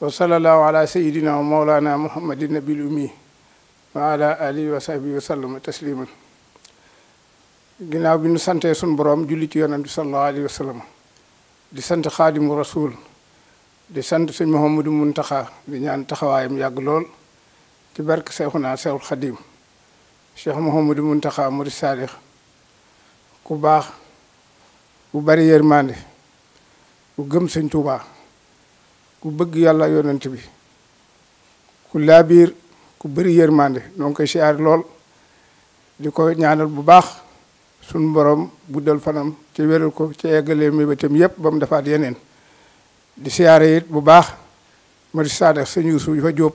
wa sallallahu ala sayidina wa mawlana muhammadin nabil ummi wa ala alihi wa sahbihi wa sallama tasliman bi nu santee suñ boroom julli ci yonent bi sallallahu alayhi di sant xaadimu rasul di sant suñ Muhammadu Muntaxa di ñaan taxawaayam yàgg lool ci barke Seexuna Seexul Xadim Cheikh Muhammadu Muntaxa murid saalix ku baax bu bari yërmande bu gëm Sëñ Tuubaa ku bëgg yàlla yonent bi ku laabiir ku bëri yërmande noo ngi koy siyaar lool di ko ñaanal bu baax suñ bu guddal fanam ci wéral ko ci eggalee mi ba tam yëpp ba mu defaat yeneen di siyaare bu baax mari saadax sëñ Yuusu yu fa jóob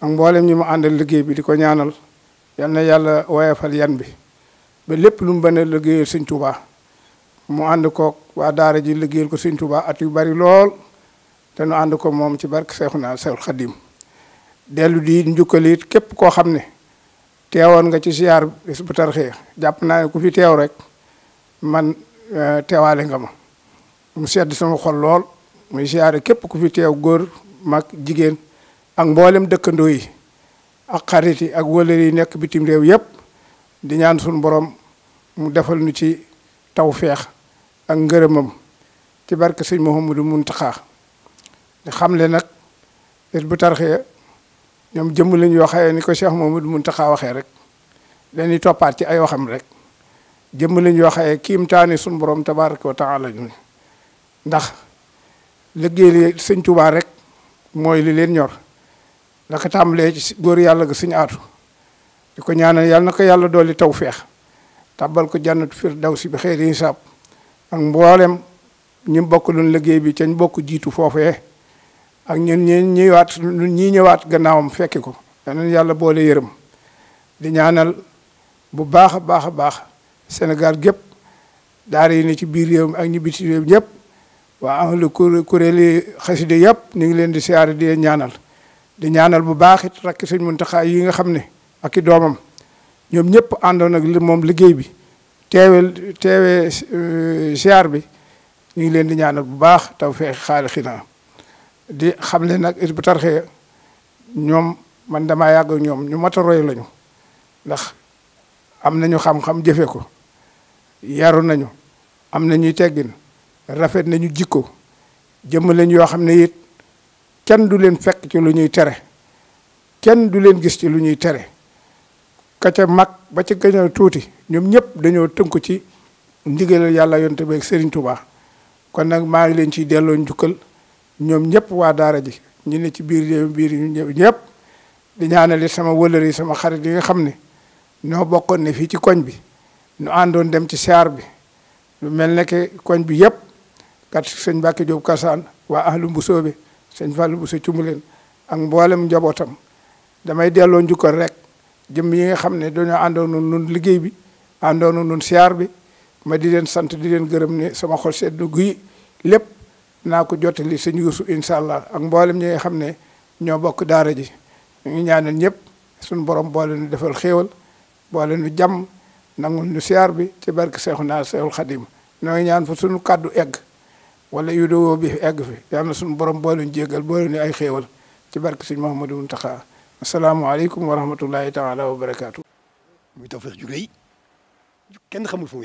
ak mboolem ñi mu àndal liggéey bi di ko ñaanal yal na yàlla woyafal yan bi ba lépp lu mu bën a liggéeyal sëñ Tuubaa mu ànd koog waa daara ji liggéeyal ko sëñ Tuubaa at yu bari lool te nu ànd ko moom ci barke Seexuna Seexul Xadim dellu di njukkaliit képp koo xam ne teewoon nga ci ziar bis bu jàpp naa ne ku fi teew rek man eh, teewaale nga ma mu sedd sama xol lool muy ziare képp ku fi teew góor mag jigéen ak mboolem dëkkandoo yi ak xarit yi ak wëlër yi nekk bitim réew yépp di ñaan suñu borom mu defal nu ci taw feex ak ngërëmam ci barke du Mouhamadou Mountakha xam leen nag bu tarxee ñoom jëmm lañ yoo xayee ni ko Cheikh mun Mountakha waxee rek leen dañuy toppaat ci ay waxam rek jëmm lañ yoo xayee kiimtaani suñu borom tabaaraka wa taala ndax liggéey sëñ Tuubaa rek mooy li leen ñor la ko tàmbalee ci góor yàlla ga suñu aatu di ko ñaana yàlla na ko yàlla dooli taw feex tabal ko jànnatu firdawsi bi xëy na hisaab ak mboolem ñu mbokk luñ liggéey bi ca ñu bokk jiitu foofu foofee ak ñun ñi ñëwaat ñii ñëwaat gannaawam fekki ko yal yàlla boole yërëm di ñaanal bu baax a baax a baax senegal gépp daara yi ne ci biir réew mi ak ñi biti réew ñëpp waa ahlu kuréel xaside yëpp ñu ngi leen di siyaare ñaanal di ñaanal bu baax it yi nga xam ne ak i doomam ñoom ñëpp àndoon ak moom liggéey bi teewel teewee euh, siyaar bi ñu ngi leen di ñaanal bu baax taw feex xaali di xam le nag bu Tarqiyyah ñoom man dama yàgg ñoom ñu mat lañu ndax am nañu xam-xam jëfe ko yaru nañu am na teggin rafet nañu jikko jëmm lañ yoo xam ne it kenn du leen fekk ci lu ñuy tere kenn du leen gis ci lu ñuy tere ka ca mag ba ca gëñal tuuti ñoom ñëpp dañoo tënku ci ndigalal yàlla yonte beeg Serigne tubaa kon nag maa ngi leen ci delloo njukkal ñoom ñëpp waa daara ji ñu ne ci biir réew biir ñu ñëpp di ñaanale sama wëlër yi sama xarit yi nga xam ne ñoo bokkoon ne fii ci koñ bi nu àndoon dem ci siyaar bi lu mel ne que koñ bi yëpp kat sëñ Mbacke Diop Kassaan waa ahlu Mbusoo bi sëñ Fallou Mbusoo Cumbuleen ak mboolem njabootam damay delloo njukkal rek jëm yi nga xam ne dañoo àndoon nun liggéey bi àndoon nun siyaar bi ma di leen sant di leen gërëm ne sama xol sedd guyi lépp naa ko jottali sëñ Yuusu incha allah ak mboolem ñi nga xam ne ñoo bokk daara ji ñu ngi ñaanal ñëpp suñu borom boole nu defal xéewal boole nu jàmm nangul nu siyaar bi ci barke Seexuna Seexul Xadim ñoo ngi ñaan fa suñu kàddu egg wala vidéo bi egg fi yal na suñu borom boole nu jéggal boole nu ay xéewal ci barke sëñ Mouhamadou Mountakha asalaamaaleykum wa rahmatullahi taala wa barakaatu. muy tawfeex ju rëy kenn xamul fu mu